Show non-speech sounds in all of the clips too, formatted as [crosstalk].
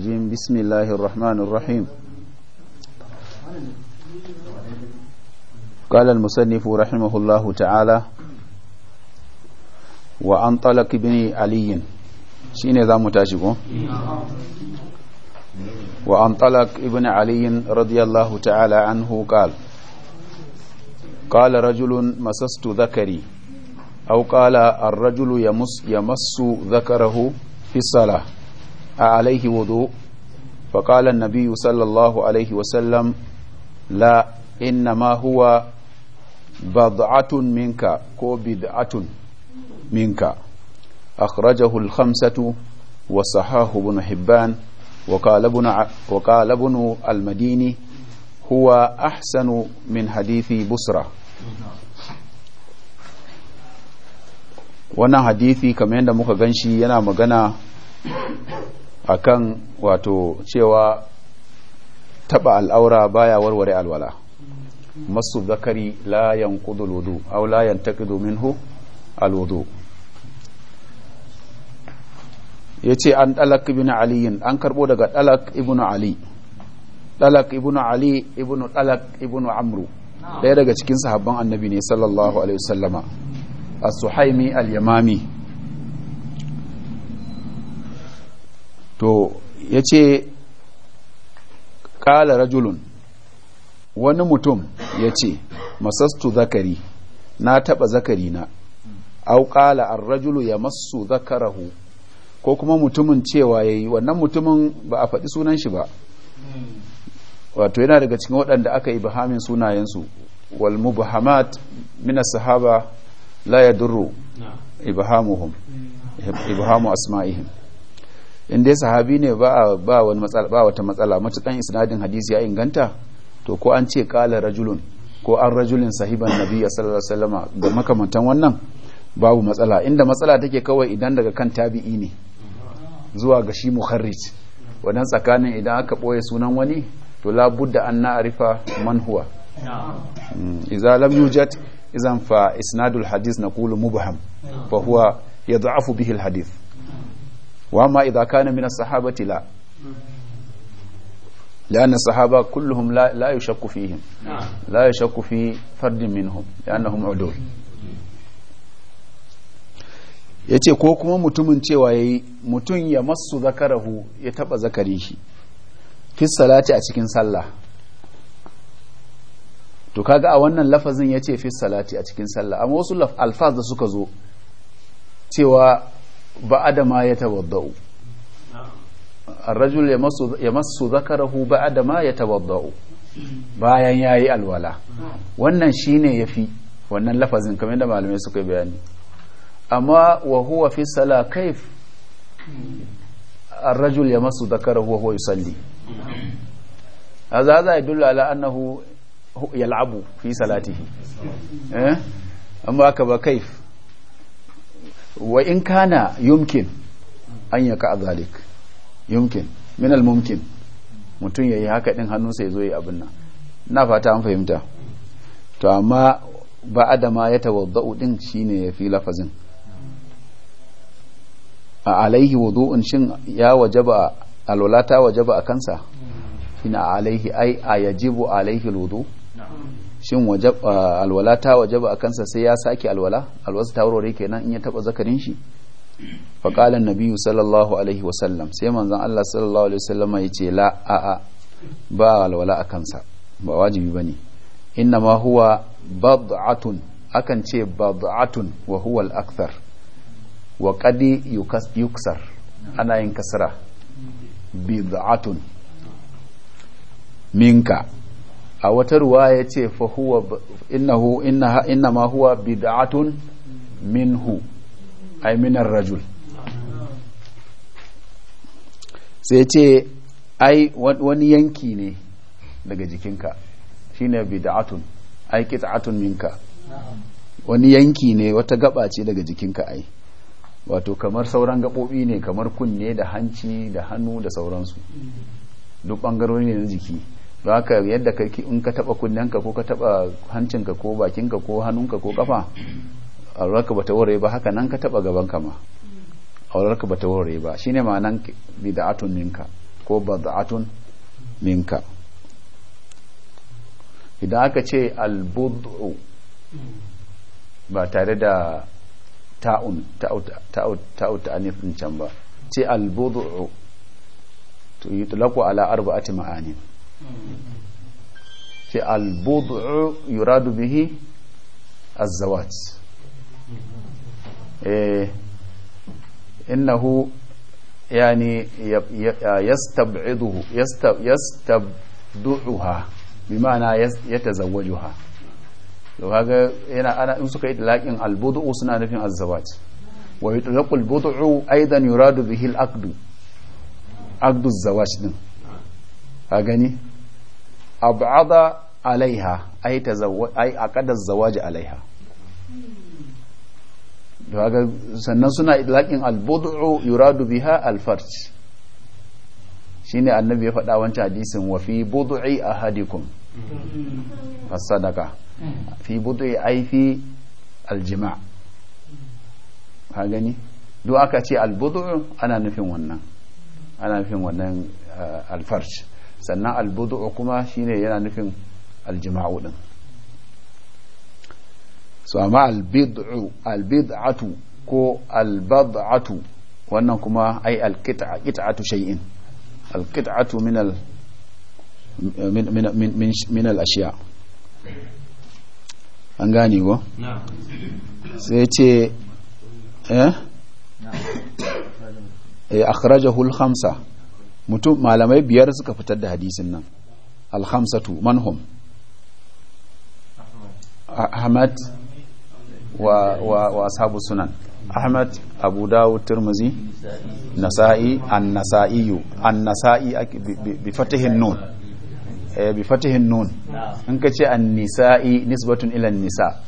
الرجيم بسم الله الرحمن الرحيم قال المصنف رحمه الله تعالى وانطلق طلق علي شين ذا متاشبه وانطلق طلق ابن علي رضي الله تعالى عنه قال قال رجل مسست ذكري أو قال الرجل يمس, يمس ذكره في الصلاة عليه وضوء فقال النبي صلى الله عليه وسلم لا إنما هو بضعة منك كو بدعة منك أخرجه الخمسة وصحاه بن حبان وقال ابن, وقال ابن المديني هو أحسن من حديث بصرة wannan hadithi kamar yadda muka gan shi yana magana akan wato cewa taba al'aura baya warware alwala masu zakari la kudu alwudu au la yantaqidu minhu ya yace an dalak ibn aliyin an karbo daga dalak ibn ali dalak ibn ali ibn dalak ibn amru daya daga cikin sahabban annabi ne sallallahu alaihi wasallama a suhaimi al-yamami to ya ce ƙala rajulun wani mutum ya ce masastu zakari na taɓa zakari na au ƙala an rajulu ya masu zakarahu ko kuma mutumin cewa ya yi wannan mutumin ba a faɗi sunan shi ba wato yana daga cikin waɗanda aka yi bahamin sunayensu wal bahamat mina sahaba la ya duru ibahamu asma'ihim in dai sahabi ne ba ba wani matsala ba wata matsala matukan isnadin hadisi ya inganta to ko an ce qala rajulun ko an rajulin sahiban nabiyya sallallahu alaihi wasallama ga makamantan wannan babu matsala inda matsala take kawai idan daga kan tabi'i ne zuwa ga shi muharrij wannan tsakanin idan aka boye sunan wani to budda an na'rifa man huwa mm. idza lam yujad idan fa isnadul hadith naqulu mubham fa huwa yad'afu bihi al hadith wa ma idza kana min as-sahabati la كلهم لا, لا يشك فيهم لا يشك في فرد منهم لأنهم عدول yace ko kuma mutumin cewa yayi mutum ya masu zakarahu ya taba zakari shi fi salati a cikin sallah to kaga a wannan lafazin yace fi salati a cikin sallah amma wasu alfaz da suka zo cewa ba'ada ma yatawaddau ar-rajul yamassu zakarahu ba'ada ma yatawaddau bayan ya yi alwala wannan shi ne ya fi. wannan lafazin kamar da malamai suka bayani amma wa huwa fi sala kaif ar-rajul yamassu zakarahu wa huwa yusalli هذا هذا يدل على أنه يلعب في صلاته أما kaif. wa in kana yumkin an yaka zalik yumkin min al-mumkin mutum yayi haka din hannunsa ya zo yi abin nan na fata an fahimta to amma ba adama ya tawadda'u din shine ya fi lafazin a alaihi wudu'un shin ya wajaba alwala ta wajaba a kansa ina alaihi ai a yajibu alaihi wudu shin alwala ta wajaba a kansa sai ya sake alwala alwasa ta warware kenan in ya taba zakarin shi faƙala nabiyu sallallahu alaihi wasallam sai manzan Allah sallallahu alaihi sallam ya ce la a a ba alwala a kansa ba wajibi ba ne inna ma huwa bad'atun akan ce bad'atun wa huwa al-akthar wa qad yuksar ana yin kasra bid'atun minka a wata ruwa ya ce inna ma huwa bid'atun minhu ay minar rajul sai ce ai wani yanki ne daga jikinka shi ne bid'atun ai qit'atun minka wani yanki ne wata gaba ce daga jikinka ai wato kamar sauran gaɓoɓi ne kamar kunne da hanci da hannu da sauransu duk ɓangarori ne na jiki ba ka yadda ka in ka taba kunnenka ko ka taba hancinka ko bakinka ko hannunka ko kafa aurarka bata warware ba haka nan ka taba gaban ka ma aurarka bata warware ba shine ma'anan bid'atun minka ko bad'atun minka idan aka ce albudu ba tare da ta'un ta'ut anifin can ba ce albudu to yutlaqu ala arba'ati ma'anin ce albudu yuradu bihi azawat eh, innahu yani yastab'iduhu bi ma'ana yana ana in suka yi talaqin albudu suna nufin azawat wa yutlaqu albudu aidan yuradu bihi alaqdu aqdu din ab'ada alaiha ai aqada zawaji alaiha sannan suna idlaqin al-bud'u yuradu biha al shine annabi ya faɗa wancan hadisin wa fi bud'i ahadikum as-sadaqa fi bud'i ai fi al-jima' ka gani duk aka ce al ana nufin wannan ana nufin wannan al sannan albudu kuma shine yana nufin aljima'u din su amma albid'atu ko albad'atu wannan kuma ai alkit'atu shay'in alkit'atu min al an gane ko sai ce eh? eh akhrajahu al khamsa mutum malamai biyar suka fitar da hadisin nan alhamsatu manhum ahmad wa wa, ashabu sunan ahmad abu dawud tirmizi nasa'i an-nasa'i an-nasa'i bi fatihin nun eh, bi fatihin nun in ka ce an-nisa'i nisbatun ila nisa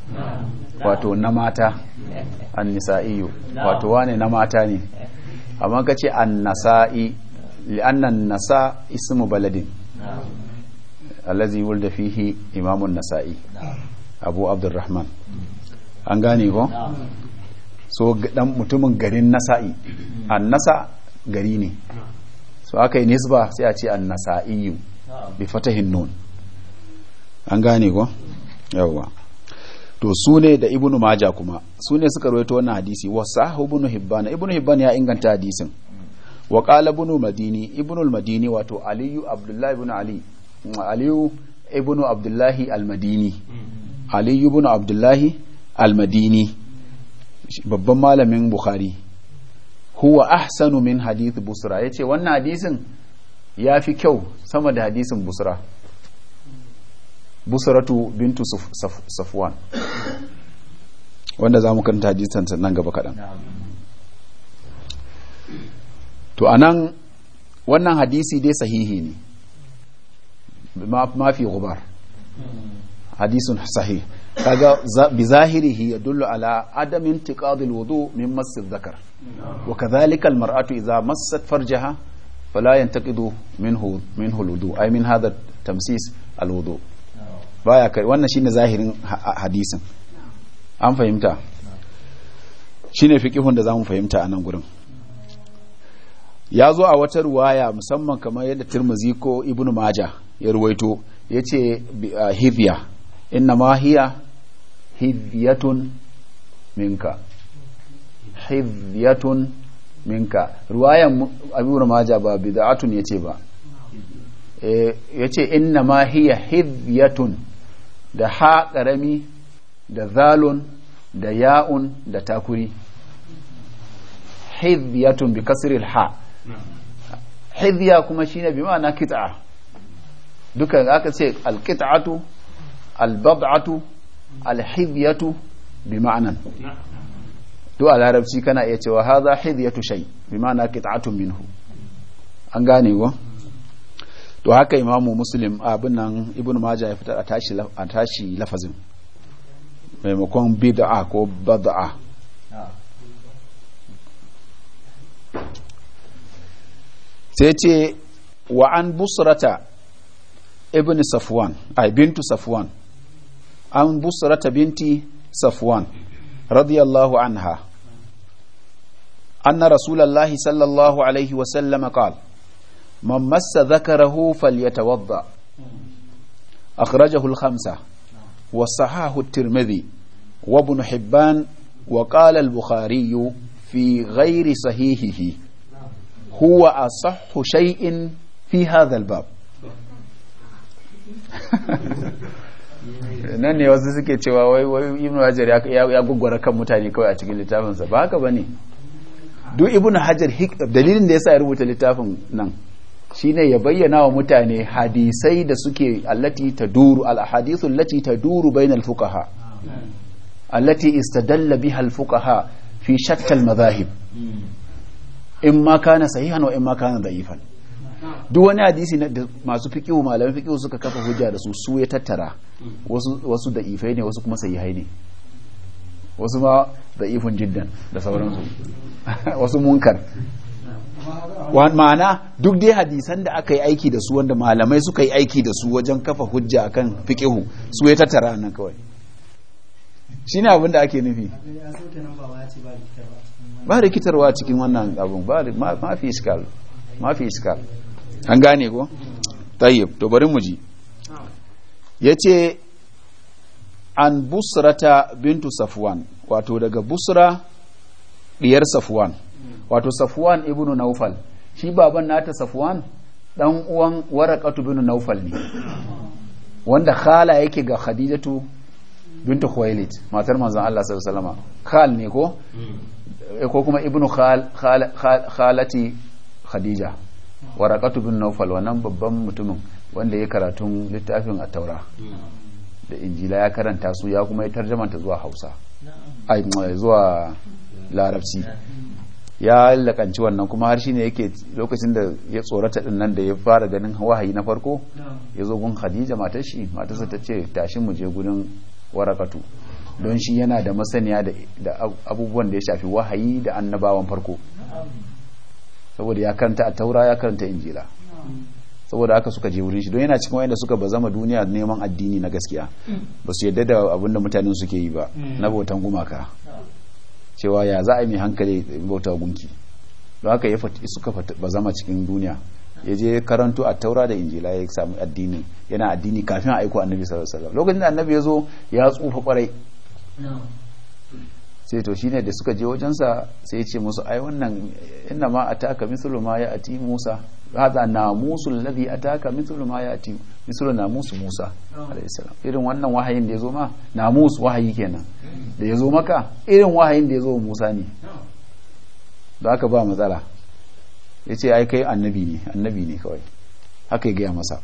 wato na mata an-nisa'i wato wane na mata ne amma ka ce an-nasa'i لأن nasa ismu بلد الذي wulda فيه imamun النسائي abu عبد an gane ko so dan mutumin garin نسائي an nasa gari ne نسبة سيأتي النسائي بفتح sai أنغاني هو يوه to su ne da ibnu maja kuma su ne suka rawaito wannan hadisi wa sahu ibnu hibban ibnu hibban ya inganta hadisin wa qala ibn madini ibn al-madini wato aliyu abdullahi ibn ali mm, aliyu ibn abdullahi al-madini mm. aliyu ibn abdullahi al-madini babban malamin bukhari huwa ahsanu min hadith busra yace wannan hadisin ya fi kyau sama da hadisin busra busratu bintu safwan wanda za mu kanta hadisan nan gaba kaɗan to a nan wannan hadisi dai sahihi ne mafi gubar hadisun sahi kaga bi zahirihi dullu ala adamin intiqadil wudu min mass zakar wa kadhalika al mar'atu idha massat farjaha fala yantaqidu minhu minhu al wudu ay min hadha tamsis al wudu baya kai wannan shine zahirin hadisin an fahimta shine fiqihun da zamu fahimta a nan gurin ya zo a wata ruwaya musamman kamar yadda tirmizi ko ibn maja ya ruwaito ya ce hibya inna ma hiya hibyatun minka hibyatun minka ruwayan ibn maja ba bid'atun yace ba eh, yace inna ma hiya hibyatun da ha karami da zalun da ya'un da takuri hibyatun bi kasril ha hidya kuma shine bi ma'ana kit'a duka aka ce alkit'atu albab'atu alhidyatu bi ma'ana to a larabci kana iya cewa haza hidyatu shay bi ma'ana qit'atun minhu an gane wa to haka imamu muslim abin nan ibnu maja ya fitar a tashi lafazin maimakon bid'a ko bad'a sai ce wa an busrata ibn safwan ai bintu safwan an busrata binti safwan radiyallahu anha anna rasulallahi sallallahu alaihi wasallam qala man massa dhakarahu falyatawadda akhrajahu al-khamsa wa sahahu at-tirmidhi wa ibn hibban وقال البخاري في غير صحيحه هو أصح شيء fi هذا الباب [laughs] nan ne wasu suke cewa wai wai hajar ya gugwara kan mutane kawai a cikin littafinsa ba haka bane duk ibnu hajar dalilin da yasa ya rubuta littafin nan shine ya bayyana wa mutane hadisai da suke allati taduru al-ahadithu allati taduru bainal fuqaha allati istadalla biha al-fuqaha fi shatta al-madhahib in ma kana sahihan wa in ma kana da'ifan duk wani hadisi na masu fiqh malamin fiqh suka kafa hujja da su su ya tattara wasu wasu da'ifai ne wasu kuma sahihai ne wasu ma da'ifun jiddan da sauransu [laughs] wasu munkar ma'ana duk dai hadisan da aka yi aiki da su wanda malamai suka yi aiki da su wajen kafa hujja akan fiqh su ya tattara nan kawai shine abin da ake nufi ba rikitarwa cikin wannan abun ba mafi iskal mafi iskal an gane ko tayyib to bari mu ji Ya ce an busrata bintu Safuwan wato daga busra diyar Safuwan. wato Safuwan ibnu naufal shi baban nata Safuwan dan uwan waraqatu ibnu naufal ne wanda khala yake ga khadijatu bintu khuwailid matar manzon Allah sallallahu alaihi wasallama khal ne ko hmm. ko kuma ibnu khalati khadija waraqatu bin nawfal wannan babban mutumin wanda ya karatun littafin at-taura da injila ya karanta su ya kuma ya ta zuwa hausa ai zuwa larabci ya lakanci wannan kuma har shine yake lokacin da ya tsorata din nan da ya fara ganin wahayi na farko ya zo gun khadija matar shi matarsa ta ce tashi mu je gudun warakatu don shi yana da masaniya da abubuwan da ya shafi wahayi da annabawan farko saboda ya karanta a taura ya karanta injila saboda haka suka je wurin shi don yana cikin wayanda suka bazama duniya neman addini na gaskiya ba su yadda da abinda mutanen suke yi ba na bautan gumaka cewa ya za a yi mai hankali bauta gunki don haka ya suka bazama cikin duniya ya je karanto a taura da injila ya samu addini yana addini kafin a aiko annabi sallallahu alaihi lokacin da annabi ya zo ya tsufa kwarai sai to shine da suka je wajensa sai ya ce musu ai wannan inna ma ataka mithlu ma ya'ti Musa hadha namusu alladhi ataka mithlu ma ya'ti mithlu namusu Musa musu salam irin wannan wahayin da ya zo ma namus wahayi kenan da ya zo maka irin wahayin da ya zo Musa ne da aka ba matsala ya ce ai kai annabi ne annabi ne kawai haka ya gaya masa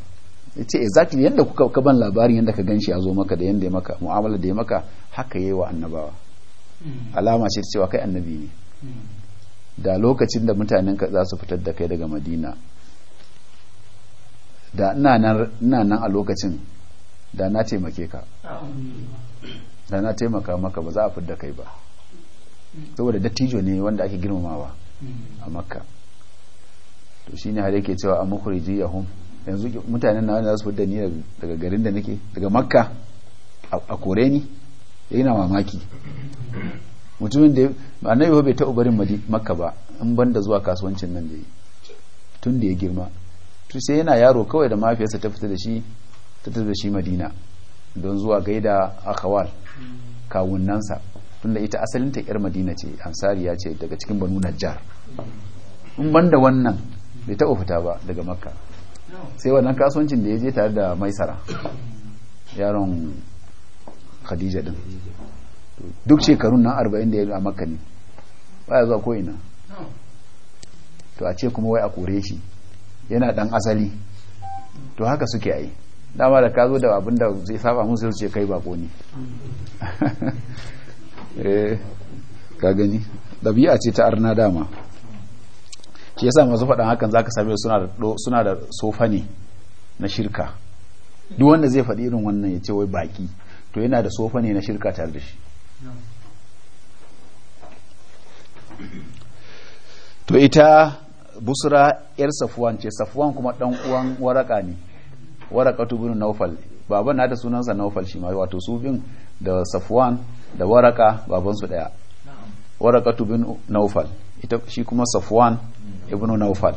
ya ce exactly yadda kuka ka ban labarin yadda ka gan shi ya zo maka da yadda ya maka mu'amala da ya maka haka yi wa annabawa hmm. alama ce ta cewa kai annabi ne hmm. da lokacin da mutanen ka za su fitar da kai daga madina da ina nan a lokacin da na taimake ka da na taimaka maka ba za a fitar da kai ba hmm. saboda dattijo ne wanda ake girmamawa a makka to shine har yake cewa an mukhriji yahum yanzu mutanen na wanda za su fita ni daga garin da nake daga makka a kore ni yana eh, mamaki mutumin da annabi bai taɓa barin makka ba in banda zuwa kasuwancin nan da yi tun da ya girma to sai yana yaro kawai da mafiyarsa ta fita da shi ta madina don zuwa gaida akhawal kawunansa tunda ita asalin ta yar madina ce ansari ya ce daga cikin banu najjar in banda wannan bai taɓa fita ba daga makka sai wannan kasuwancin da ya je tare da maisara yaron khadija din duk shekarun nan arba'in da ya a makka ne baya zuwa ko'ina to a ce kuma wai a kore shi yana dan asali to haka suke yi dama da ka zo da abin da zai saba musu ce kai bako ne [laughs] eh, ka gani ɗabi'a ce ta arna dama shi yasa masu faɗan hakan zaka same suna da suna da sofa ne na shirka duk wanda zai faɗi irin wannan ya ce wai baki to yana da sofa ne na shirka tare da shi to ita busra yar safuwan ce safuwan kuma ɗan uwan waraka ne waraka tubin naufal baban na da sunansa naufal shi ma wato su da safuwan da waraka babansu daya waraka tubin naufal ita shi kuma safuwan ibnu naufal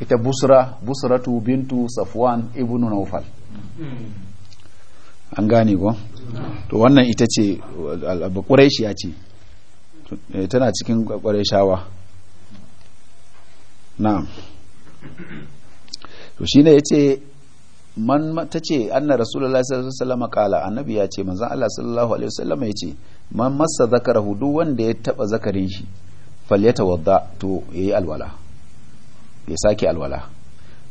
ita busra busratu bintu safwan ibnu naufal an gane ko to wannan ita ce ya ce eh, tana cikin ƙuraishawa na'am to shine ce man ta ce anna rasulullah sallallahu alaihi wasallam kala annabi ya ce manzon Allah sallallahu alaihi wasallam ya ce man massa zakarahu duk wanda ya taba zakarin shi falyatawadda to yayi alwala ya sake alwala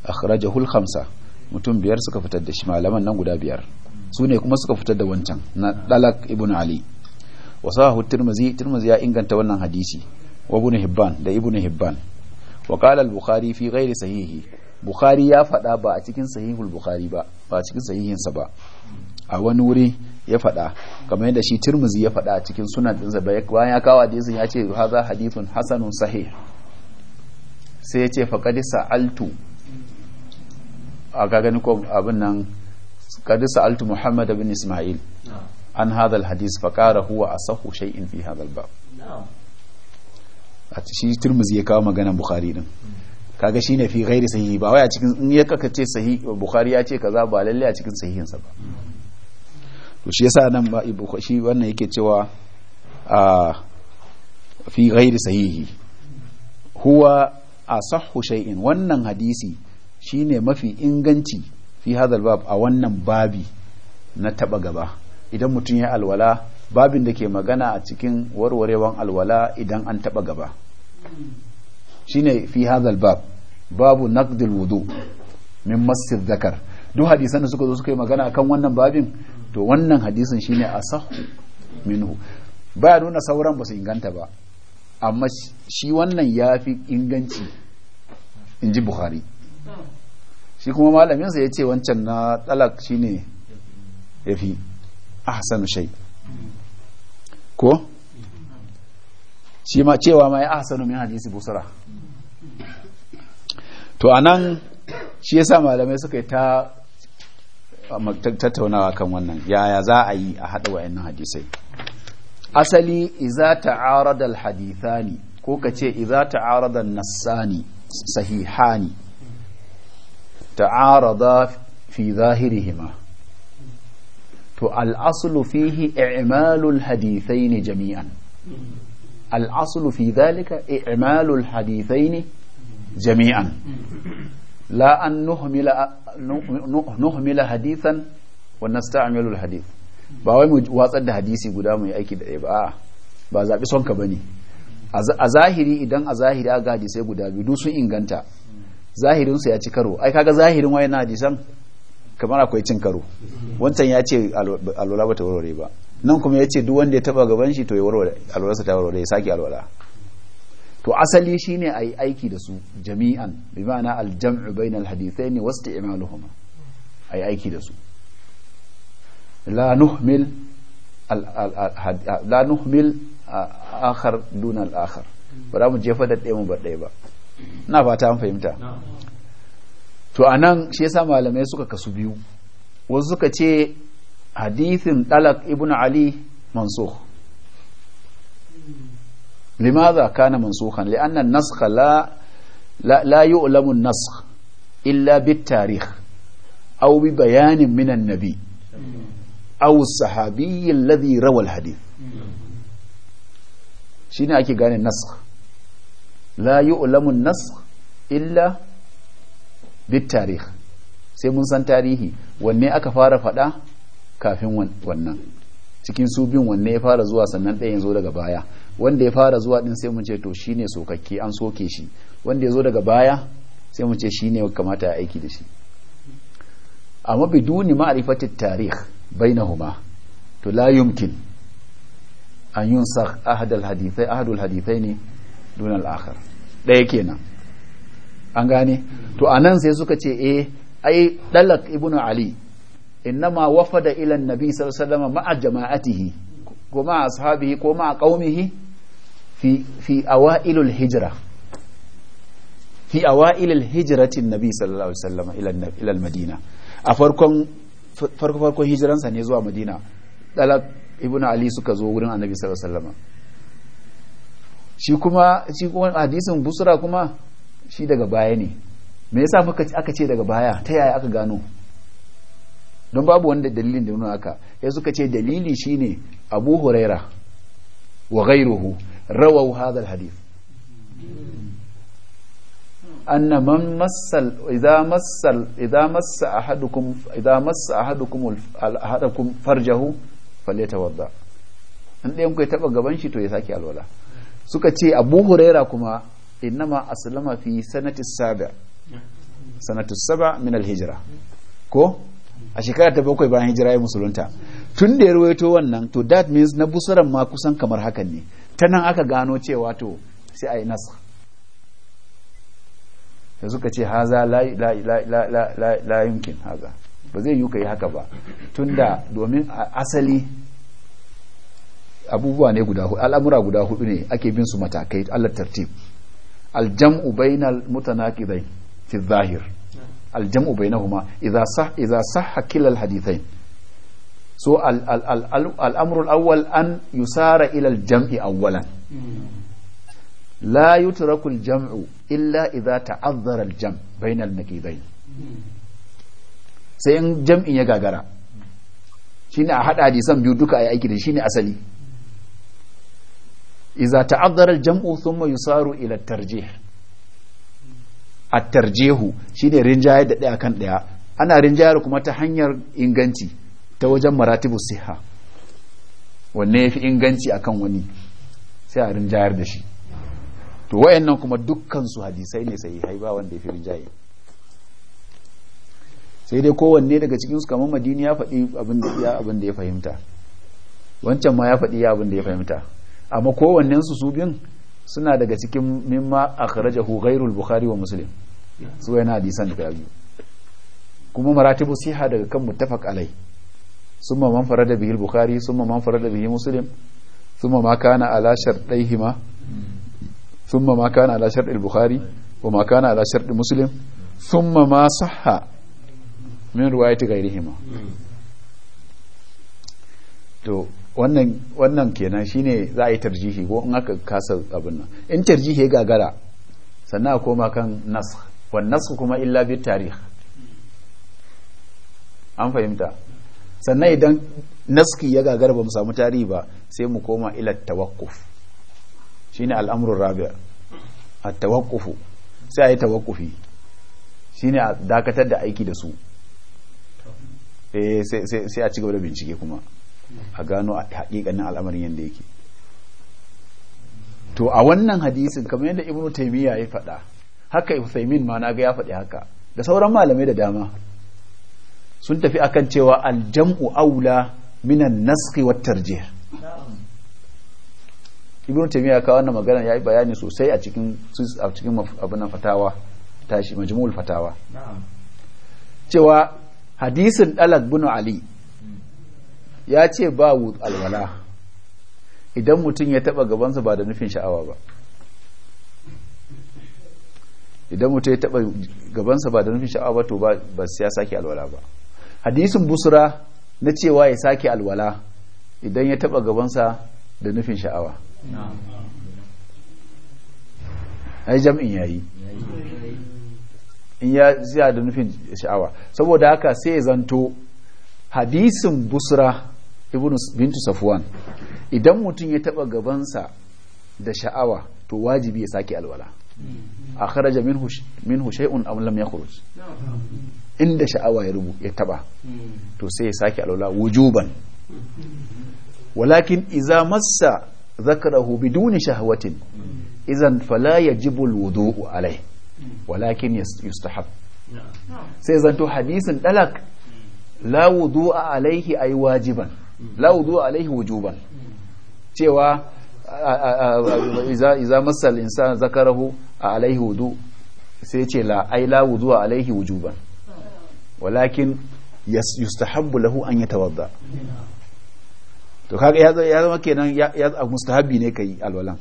akhrajahu khamsa mutum biyar suka fitar da shi malaman nan guda biyar su ne kuma suka fitar da wancan na dalak ibn ali wa sahahu tirmizi tirmizi ya inganta wannan hadisi wa ibn hibban da ibn hibban wa qala al-bukhari fi ghairi sahihi bukhari ya faɗa ba a cikin sahihul bukhari ba ba a cikin sahihinsa ba a wani wuri ya faɗa kamar yadda shi tirmizi ya faɗa a cikin sunan ɗinsa bayan ya kawo hadisin ya ce haza hadithun hasanun sahih sai ya ce faƙadisa sa'altu a gagani ko abin nan ƙadisa sa'altu muhammad bin ismail an hadal hadis faƙara huwa a sahu in fi hadal ba a shi turmuzi ya kawo maganan bukhari din kaga shine fi gairi sahihi ba waya cikin in ya kaka ce sahihi bukhari ya ce kaza ba lalle a cikin sahihinsa ba to shi yasa nan ba shi wannan yake cewa a fi gairi sahihi huwa a sahu shay'in wannan hadisi shine mafi inganci fi hadal bab a wannan babi na taba gaba idan mutum ya alwala babin da ke magana a cikin warwarewan alwala idan an taba gaba shine fi hadal bab babu naqdil wudu min masjid zakar duk hadisan da suka zo suka yi magana kan wannan babin to wannan hadisin shine sahu. minhu baya nuna sauran ba su inganta ba amma shi wannan ya fi inganci in ji buhari shi kuma malaminsa ya ce wancan na talak shi ne ya fi ahsanu shai ko shi ma cewa ma ya ahsanu min hadisi busara to a nan shi ya sa malamai suka yi ta tattaunawa kan wannan yaya za a yi a haɗa wa'in hadisai asali iza ta'arada alhadithani ko ka ce iza ta'arada nassani sahihani ta'arada fi zahirihima to al'aslu fihi i'malul hadithaini jami'an al'aslu fi dhalika i'malul hadithaini jami'an la an nuhmila nuhmila hadithan wa nasta'milu alhadith ba wai mu watsar da hadisi guda mu yi aiki da ɗaya ba ba zaɓi son ka bane a zahiri idan a zahiri gadi hadisai guda biyu duk sun inganta zahirin ya ci karo ai kaga zahirin wayan hadisan kamar akwai cin karo wancan ya ce alwala ba warware ba nan kuma ya ce duk wanda ya taba gaban shi to ya warware ta warware ya sake alwala to asali shine ayi aiki da su jami'an bi ma'ana al-jam'u bainal hadithaini wasti'maluhuma ayi aiki da su لا نهمل la akhar dun akhar ba mu jefa da ɗaya mu ba ɗaya ba na fata an fahimta to anan shi yasa malamai suka kasu biyu wasu suka ce hadithin dalak ibn ali mansukh limaza kana mansukhan li'anna an-nasakh la la yu'lamu an-nasakh illa bit-tarikh aw bi bayanin minan nabi aw sahabiyyi alladhi rawa alhadith shine ake gane nasakh la yu'lamu nasakh illa bit tarikh sai mun san tarihi wanne aka fara fada kafin wannan cikin su bin wanne ya fara zuwa sannan ɗayan zo daga baya wanda ya fara zuwa din sai mun ce to shine sokakke an soke shi wanda ya zo daga baya sai mun ce shine kamata ya aiki da shi amma biduni ma'rifati tarikh bainahuma to la yumkin an yunsakh ahad al hadithai ahadul hadithaini dun al akhar daya kenan an gane to anan sai suka ce e ai dalak ibnu ali innama wafada ila nabi sallallahu alaihi wasallam ma'a jama'atihi ko ma'a ashabihi ko ma'a qaumihi fi fi awailul hijra fi awailul nabi alaihi madina a farkon farko farko hijiransa ne zuwa madina dala ibn ali suka zo wurin annabi sallallahu alaihi wasallam shi kuma shi kuma hadisin busra kuma shi daga baya ne me yasa muka aka ce daga baya ta yaya aka gano don babu wanda dalilin da nuna aka ya suka ce dalili shine abu huraira wa ghayruhu rawahu hadha alhadith anna man massal idza massal idza massa ahadukum idza massa ahadukum ahadukum farjahu falyatawadda in ɗayan taba gaban shi to ya sake alwala suka ce abu huraira kuma innama aslama fi sanati saba min alhijra ko a shekara ta bakwai bayan hijira ya musulunta tun da ya ruwaito wannan to that means na busaran ma kusan kamar hakan ne ta nan aka gano cewa to sai a nasa sai suka ce haza la la haza ba zai yi kai haka ba tun da domin asali abubuwa ne guda hudu al'amura guda hudu ne ake bin su matakai Allah tartib aljam'u bainal mutanaqidain fi zahir aljam'u bainahuma idza kilal hadisai so al’amurul awwal an yusara tsara ilal jami awwalan hmm. la yutraku jamu illa idza ta'azzara al sai in jam'in ya gagara shine a hada hadisan biyu duka ayi aiki da shine asali iza ta'azzara al-jam'u thumma yusaru ila tarjih at-tarjihu shine rinjaye da daya kan daya ana rinjayar kuma ta hanyar inganci ta wajen maratibu siha wanne yafi inganci akan wani sai a rinjayar da shi to wayannan kuma dukkan su hadisai ne sai ba wanda ya fi rinjaye sai dai kowanne daga cikin su kamar madini ya faɗi abin da ya fahimta wancan ma ya faɗi ya abin da ya fahimta amma kowannen su su biyun suna daga cikin mimma akhrajahu ghairul bukhari wa muslim su wayan hadisan da biyu kuma maratibu siha daga kan muttafaq alai summa man farada bihi al-bukhari summa man farada bihi muslim summa ma kana ala shartaihima ثم ما كان ala شرط البخاري bukhari wa على شرط ala ثم ما صح من sahha min تو to wannan wannan kenan shine za a yi tarjihi ko in aka kasa abin nan in tarjihi ya gagara sannan a koma kan nasakh wan nasakh kuma illa bi tarikh an fahimta sannan idan naski ya gagara ba mu samu tarihi ba sai mu koma ila tawakkuf Shi ne al’amurin Rabi'a a tawakufu sai a tawakufi shi ne a dakatar da aiki da su eh, sai a ci gaba da bincike kuma a gano haƙiƙanin al'amarin yanda yake to a wannan hadisin kamar yadda ibnu Taimiyya ya faɗa haka Taimiyya ma ga ya faɗi haka da sauran malamai da dama sun tafi akan cewa aljam'u aula minan naski wat jiya. ibn taymiya ka wannan magana yayi bayani sosai a cikin a cikin nan fatawa tashi majmu'ul fatawa cewa hadisin dalak bin ali ya ce ba alwala idan mutum ya taba sa ba da nufin sha'awa ba idan mutum ya taba gabansa ba da nufin sha'awa to ba ya sake alwala ba hadisin busra na cewa ya sake alwala idan ya taba gabansa da nufin sha'awa ai jam'in yayi in ya ziya da nufin sha'awa saboda haka sai ya zanto hadisin busra ibn bintu safwan idan mutum ya taba gabansa da sha'awa to wajibi ya sake alwala a kharaja minhu shay'un aw lam yakhruj inda sha'awa ya rubu ya taba to sai ya sake alwala wujuban walakin iza massa ذكره بدون شهوة إذا فلا يجب الوضوء عليه ولكن يستحب سيزنت حديث دلك لا وضوء عليه أي واجبا لا وضوء عليه وجوبا cewa iza masal insan zakarahu a alaihi wudu sai ce la ai la a alaihi wujuban walakin yustahabbu lahu an yatawadda to kaga ya zama kenan ya mustahabi ne ka yi alwalan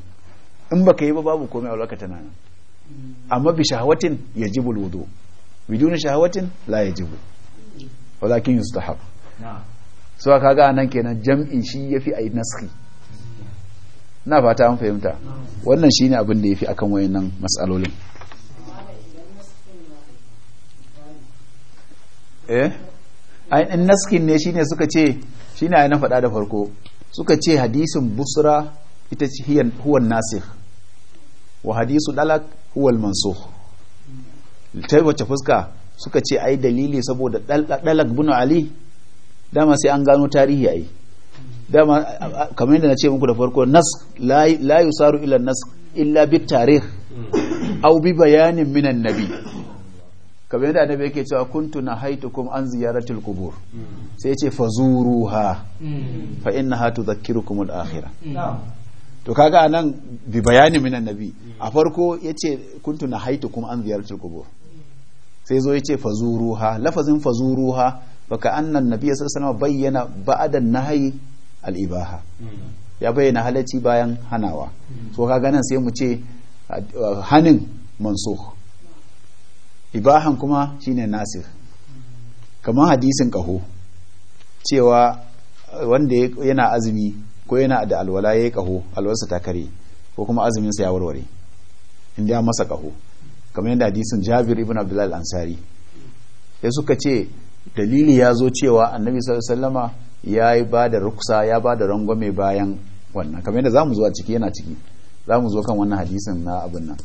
in ba ka yi ba babu komai a lokacin nan amma bi shahawatin ya ji bulwudu shahawatin la ya ji walakin yustahab so kaga anan kenan jam'in shi yafi ayi naski na fata an fahimta wannan shine abin da fi akan wayannan matsalolin eh in naskin ne shine suka ce shi na na faɗa da farko suka ce hadisin busra ita ce huwan nasir wa hadisu dalak huwal manso ta wacce fuska suka ce ai dalili saboda dalak bin ali dama sai an gano tarihi ai dama kamar yadda na ce muku da farko nas la yusaru ila nas illa bit tarih au bi bayanin minan nabi kamar yadda annabi yake cewa kuntu na kuma an ziyaratul qubur hmm. sai yace fazuruha hmm. fa innaha tudhakkirukum al akhirah hmm. to kaga anan bi bayani min annabi a farko yace kuntu na kuma an ziyaratul qubur sai zo yace fazuruha lafazin fazuruha baka annan nabi sallallahu alaihi wasallam bayyana ba'da nahyi al ibaha ya bayyana halacci bayan hanawa so kaga nan sai mu ce hanin mansukh ibahan kuma shine nasir kamar hadisin kaho cewa wanda yana azumi ko yana da alwala ya yi kaho alwarsa ta kare ko kuma sa ya warware in ya masa kaho kamar yadda hadisin jabir ibn abdullahi ansari ya suka ce dalili ya zo cewa annabi sallama ya yi ba da ruksa ya ba da rangwame bayan wannan kamar yadda za mu zo a ciki yana ciki za mu zo kan wannan hadisin na abin nan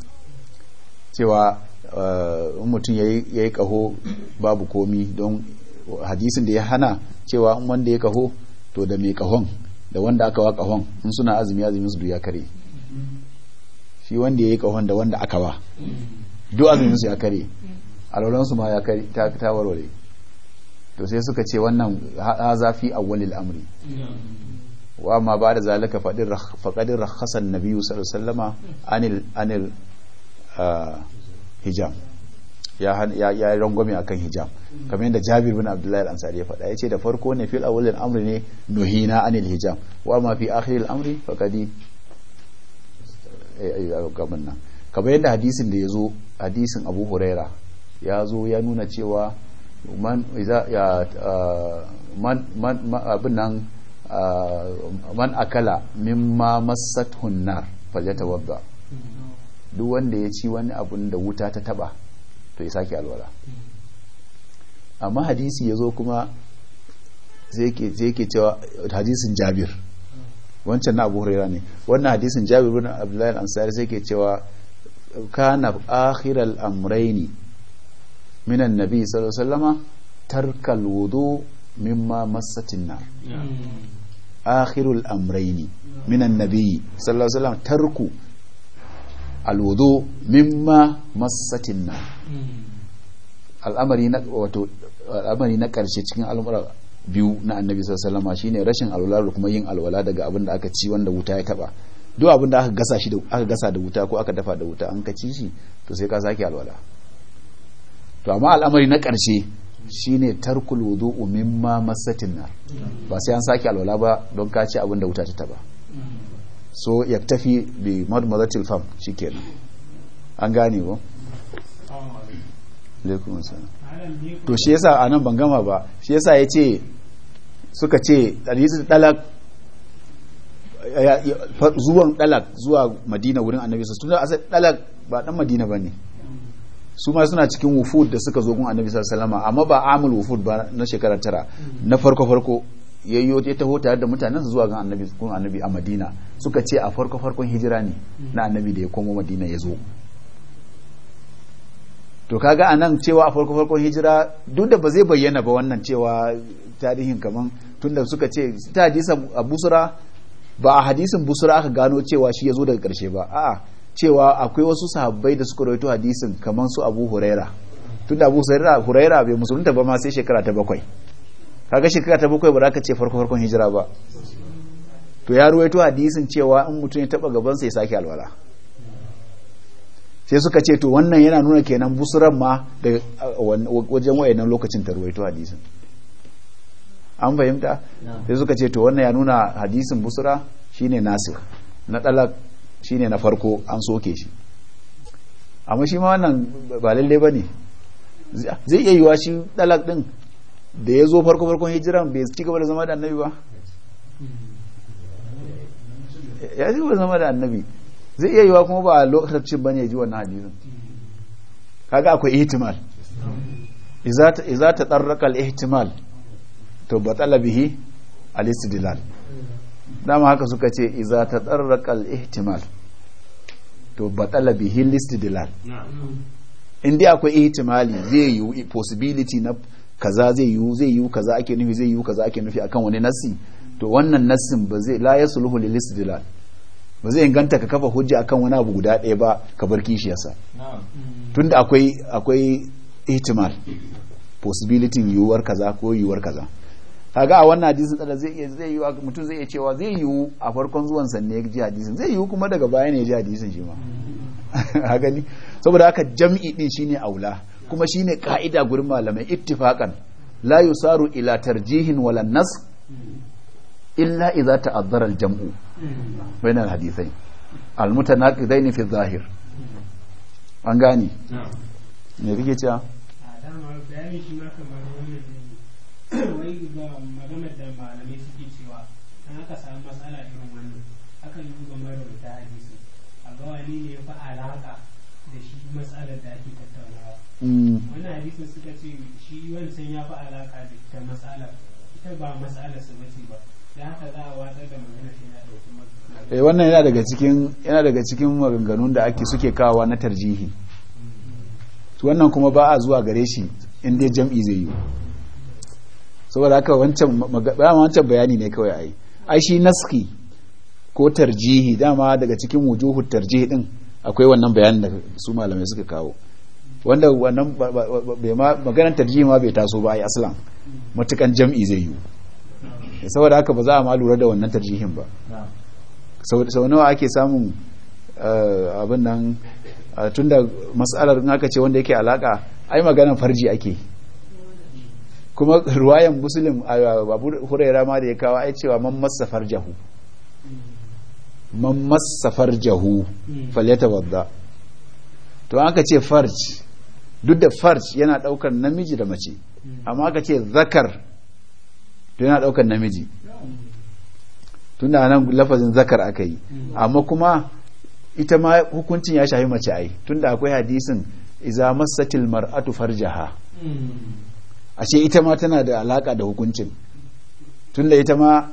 cewa Eh, in mutum ya yi kaho babu komi don hadisin da ya hana cewa in wanda ya kaho to da mai kahon da wanda aka wa kahon in suna azumi azumin su ya kare shi wanda ya yi kahon da wanda aka wa duk azumin su ya kare alwalansu ma ya kare ta warware to sai suka ce wannan zafi awwalil amri wa ma ba da zalika faɗin faƙadin rakhasan nabiyu sallallahu alaihi wasallama anil anil ah, hijab ya ya rangwame akan hijab kamar yadda Jabir bin Abdullah al-Ansari ya faɗa yace da farko ne fil awwal al-amri ne nuhina anil hijab wa ma fi akhir al-amri faqadi gaban eh, eh, nan kamar yadda hadisin da yazo hadisin Abu Huraira ya zo ya nuna cewa man iza ya man man abin nan man akala mimma massathu an duk wanda ya ci wani abun da wuta ta taba to ya sake alwala amma hadisi ya zo kuma zai ke cewa hadisin jabir wancan na abu huraira ne wannan hadisin jabir bin abdullahi al'ansari sai ke cewa kana akhiral amraini minan nabi sallallahu alaihi wasallama tarkal wudu mimma massatin nar akhirul amraini minan nabi sallallahu alaihi tarku alwudu mimma masatin na al'amari na wato al'amari na karshe cikin al'amura biyu na annabi sallallahu shi shine rashin alwala da kuma yin alwala daga abin da aka ci wanda wuta ya taba duk abin da aka gasa da wuta ko aka dafa da wuta an ka ci shi to sai ka sake alwala to amma al'amari na karshe shine tarkul wudu mimma masatin nan ba sai an sake alwala ba don ka ci abin da wuta ta taba so ya tafi bi madmadatil fam shikenan an gane ba alaikum assalam to shi yasa anan ban gama ba shi yasa yace suka ce hadisi dalak zuwan dalak zuwa madina wurin annabi sallallahu alaihi wasallam dalak ba dan madina bane su ma suna cikin wufud da suka zo gun annabi sallallahu alaihi wasallam amma ba amul wufud ba na shekara tara na farko farko yayyo ya taho tare da mutanen zuwa ga annabi kun annabi a madina suka ce a farko farkon hijira ne na annabi da ya komo madina ya zo to kaga a nan cewa a farko farkon hijira duk da ba zai bayyana ba wannan cewa tarihin kaman tunda suka ce ta hadisan a busura ba a hadisin busura aka gano cewa shi ya zo daga karshe ba a'a cewa akwai wasu sahabbai da suka rawaito hadisin kaman su abu huraira tunda abu huraira bai musulunta ba ma sai shekara ta bakwai kaga shekara ta bakwai ba za ka ce farko farkon hijira ba to ya ruwaito hadisin cewa in mutum ya taba gabansa ya sake alwala sai suka ce to wannan yana nuna kenan busuran ma da uh, wajen wayannan lokacin ta ruwaito hadisin an fahimta sai suka ce to wannan ya nuna hadisin busura shine nasir na dalak shine na farko an soke shi amma shi ma wannan ba lalle bane zai iya yiwa shi dalak din da ya zo farko farkon hijira bai ci gaba da zama da annabi ba ya ci gaba da zama da annabi zai iya yiwa kuma ba a lokacin bane ne ji wannan hadisin kaga akwai ihtimal iza ta tsarraka al-ihtimal to batala bihi al-istidlal dama haka suka ce iza ta tsarraka al-ihtimal to ba talabihi al-istidlal in akwai ihtimali zai yi possibility na kaza zai yiwu zai yiwu kaza ake nufi zai yiwu kaza ake nufi akan wani nassi to wannan nassin ba zai la yasluhu lil istidlal ba zai inganta ka kafa hujja akan wani abu guda ɗaya ba ka bar kishiyarsa tunda akwai akwai ihtimal possibility yiwuwar kaza ko yiwuwar kaza kaga a wannan hadisi tsada zai iya zai yiwu mutum zai iya cewa zai yiwu a farkon zuwan sanne ya ji hadisin zai yiwu kuma daga baya ne ya ji hadisin shi ma mm. haka [laughs] gani saboda haka jam'i din shine aula kuma shine ka'ida gurin malamai ittifaqan la yusaru ila tarjihin wala nas illa idza ta'azzara al-jam'u bain al-hadithain al-mutanaqidain fi zahir an gani me kike cewa bayani shi ma kamar wannan wai ga maganar da malamai suke cewa an aka samu matsala irin wannan akan yi ga marar da hadisi a ga wani ne ya fi alaka da shi matsalar da ake tattauna wannan hadisin suka ce shi wancan ya fi alaka da matsala ita ba matsala su bace ba da haka za a watsar da magana shi na ɗauki eh, wannan yana daga cikin yana daga cikin maganganun da ake suke kawa na tarjihi wannan kuma ba a zuwa gare shi in dai jam'i zai yi saboda haka wancan wancan bayani ne kawai ai ai shi naski ko tarjihi dama daga cikin wujuhu tarjihi din akwai wannan bayanin da su malamai suka kawo wanda wannan ma maganar tarjihi ma bai taso ba ai aslan matukan jam'i zai yi saboda haka ba za a ma lura da wannan tarjihin ba sau nawa ake samun eh, abin nan eh, da mas'alar in aka ce wanda yake alaka ai maganar farji ake kuma ruwayan muslim babu eh, huraira ma da ya kawo ai cewa man massa farjahu man massa farjahu hmm. wadda. to an ka ce farji duk da farc yana daukar namiji da mace amma aka ce zakar to yana daukar namiji tunda nan lafazin zakar aka yi amma kuma ita ma hukuncin ya shafi mace ai tunda akwai hadisin iza massatil mar'atu farjaha ce ita ma tana da alaka da hukuncin tunda ita ma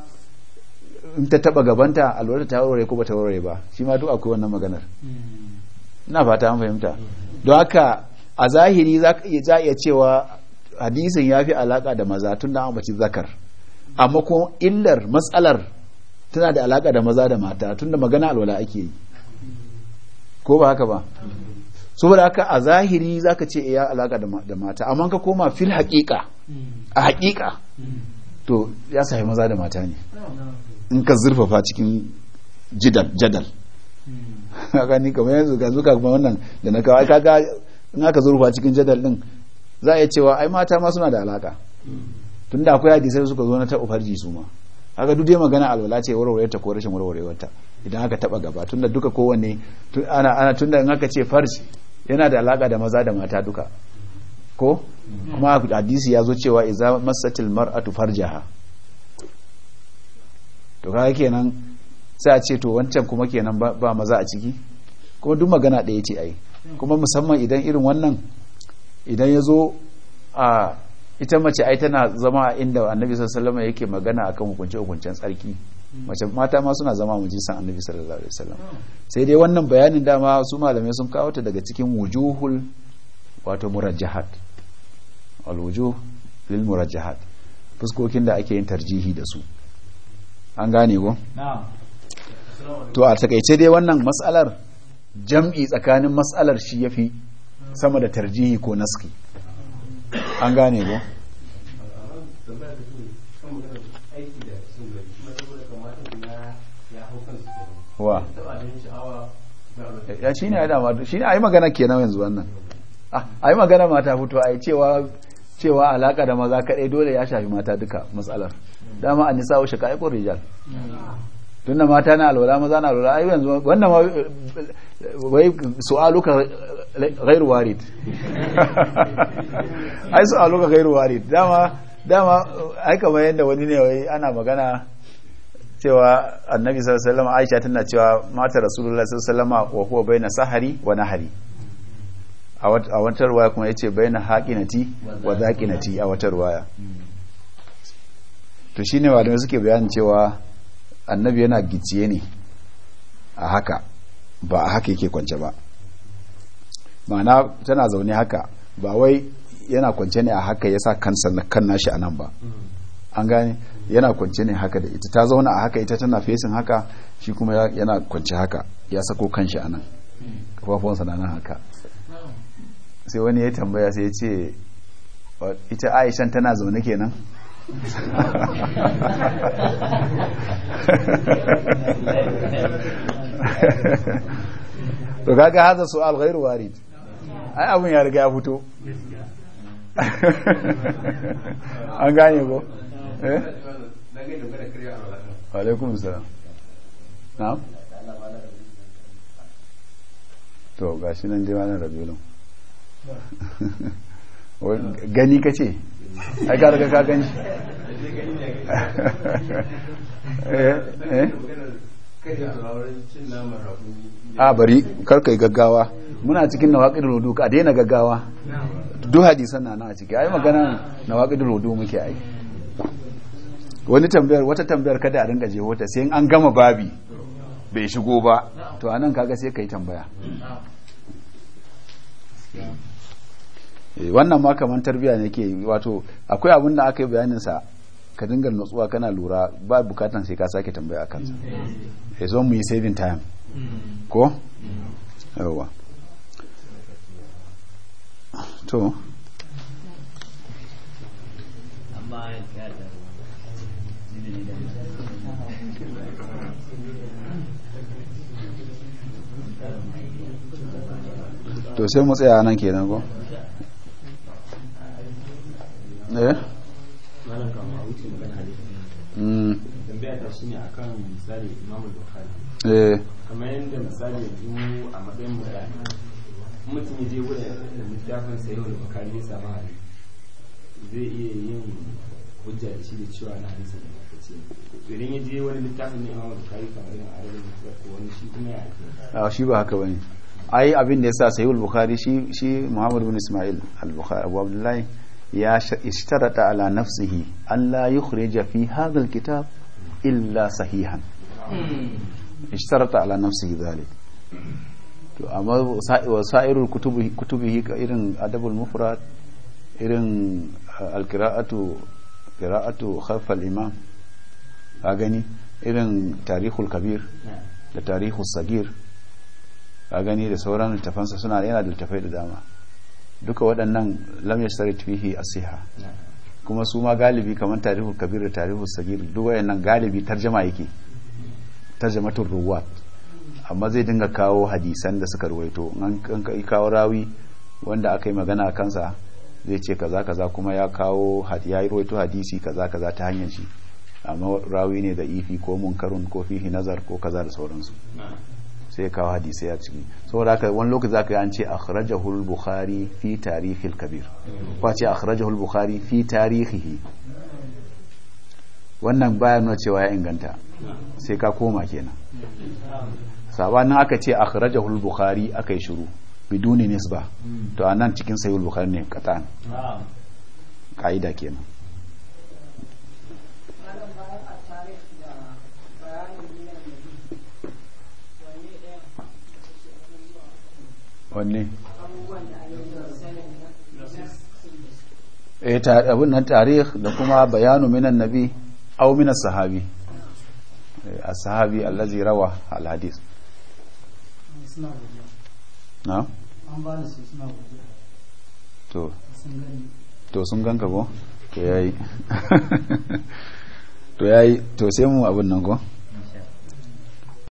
in ta taba gabanta alwala ta warware ko ba ta warware ba shi ma duk akwai wannan maganar ina fata an fahimta don haka a zahiri za ka iya cewa hadisin ya fi alaka da maza tun da ambaci zakar amma ko illar matsalar tana da alaka da maza da mata tun da magana alwala ake yi ko ba haka ba saboda haka a zahiri za ka ce eh, ya alaka da mata amma ka koma fil haƙiƙa a haƙiƙa to ya sahi maza da mata ne in ka zurfafa cikin jidal jadal haka hmm. ni kamar yanzu ka zuka kuma wannan da na kawai kaga in aka zurfa cikin jadal din za a iya cewa ai mata ma suna da alaka da akwai hadisai da suka zo na taɓa farji su ma haka duk dai magana alwala ce warware ta ko rashin warware ta idan aka taɓa gaba tun da duka kowanne ana ana da in aka ce farji yana da alaka da maza da mata duka ko kuma hadisi ya zo cewa idza massatil mar'atu farjaha to kaga kenan sai a ce to wancan kuma kenan ba maza a ciki kuma duk magana ɗaya ce ai kuma musamman idan irin wannan idan ya zo a ita mace ai tana zama a inda annabi sallallahu alaihi yake magana akan hukunce hukuncen tsarki mace mata ma suna zama majalisan annabi sallallahu alaihi wasallam sai dai wannan bayanin dama su malamai sun kawo ta daga cikin wujuhul wato murajjahat al wujuh lil murajjahat fuskokin da ake yin tarjihi da su an gane ko to a takaice dai wannan matsalar jam'i tsakanin matsalar shi ya fi sama da tarjihi ko naski an gane ba? wa shi ne dama shi ne a yi magana kenan yanzu wannan a ah, yi magana mata fito a yi cewa cewa alaka da maza kaɗai dole ya shafi mata duka matsalar dama an nisa wa shaka aikon rijal tun da mata na alwala maza na alwala ai yanzu wannan wai su'aluka ghairu warid [laughs] ai su'aluka ghairu warid dama dama ai kamar yadda wani ne wai ana magana cewa annabi sallallahu alaihi wasallam Aisha tana cewa mata rasulullahi sallallahu alaihi wasallam wa huwa baina sahari wa nahari a wata ruwaya kuma yace baina haqinati wa zaqinati a wata ruwaya to shine malamai suke bayanin cewa annabi yana gicciye ne a haka ba a haka yake kwance ba ma'ana tana zaune haka ba wai yana kwance ne a haka yasa kansa na kan nashi a nan ba an gane yana kwance ne haka da ita ta zauna a haka ita tana fesin haka shi kuma yana kwance haka ya sako kanshi a nan kafafuwansa na nan haka sai wani ya tambaya sai ya ce ita aishan tana zaune kenan [laughs] to kaga hada su'al ghairu warid ai abun ya riga ya fito an gane ko eh wa alaikum salam na'am to gashi nan dai malam rabiulun gani ka ce ai ka daga ka gani [laughs] eh eh a bari karkai yi gaggawa muna cikin nawaƙidul rudu ka daina gaggawa duk hadisan na na a ciki ai magana nawaƙidul rudu muke ai wani tambayar wata tambayar kada a ringa jeho ta sai an gama babi bai shigo ba to anan kaga sai kai tambaya eh, wannan ma kaman tarbiya ne ke wato akwai abin da aka yi bayanin sa ka dinga nutsuwa kana lura ba bukatan sai ka sake tambaya a kansa ya zo mu yi saving time ko yawwa to to sai mu tsaya nan kenan ko eh Mm. tambaya ta shine akan misali imamu bukhari eh. kamar yadda misali yanzu a matsayin mutum ya je wurin da sayo da bukhari ya samu hadisi zai iya yin hujja da shi da cewa na hadisi idan ya je wani littafin ne imamu bukhari kamar ko wani shi kuma ya sa ah, shi ba haka bane ai abin da yasa bukhari shi shi muhammad isma'il al-bukhari abu abdullahi ya ishtarata ala nafsihi Allah yukhrija fi hadha kitab illa sahihan ishtarata ala nafsihi zalik to amma wa sa'irul kutubi kutubihi irin adabul mufrad irin alqira'atu qira'atu khalf al-imam a gani irin tarihul kabir da tarihul sagir a gani da sauran littafansa suna yana da littafai da dama duka waɗannan lam yastarit fihi siha kuma su ma galibi kamar tarihu kabir da tarihu sagir duk waɗannan galibi tarjama yake tarjamatul ruwat amma zai dinga kawo hadisan da suka ruwaito an kawo rawi wanda aka yi magana kansa zai ce kaza kaza kuma ya kawo ya yi ruwaito hadisi kaza kaza ta hanyar shi amma rawi ne da ifi ko munkarun ko fihi nazar ko kaza da sauransu sai kawo hadisai a ciki saboda haka wani lokaci zaka yi an ce akhrajahul bukhari fi tarihil kabir ko ce akhrajahul bukhari fi tarihihi wannan baya nuna cewa ya inganta sai ka koma kenan sabanin aka ce akhrajahul bukhari aka yi shiru biduni nisba to anan cikin sahihul bukhari ne kata'an kaida kenan wanne eh abin nan tarih da kuma bayanu minan nabi aw minan sahabi eh, as-sahabi allazi rawa al-hadith na an ba da su suna to to sun ganka ko to yayi [laughs] to yayi to sai mu abin nan ko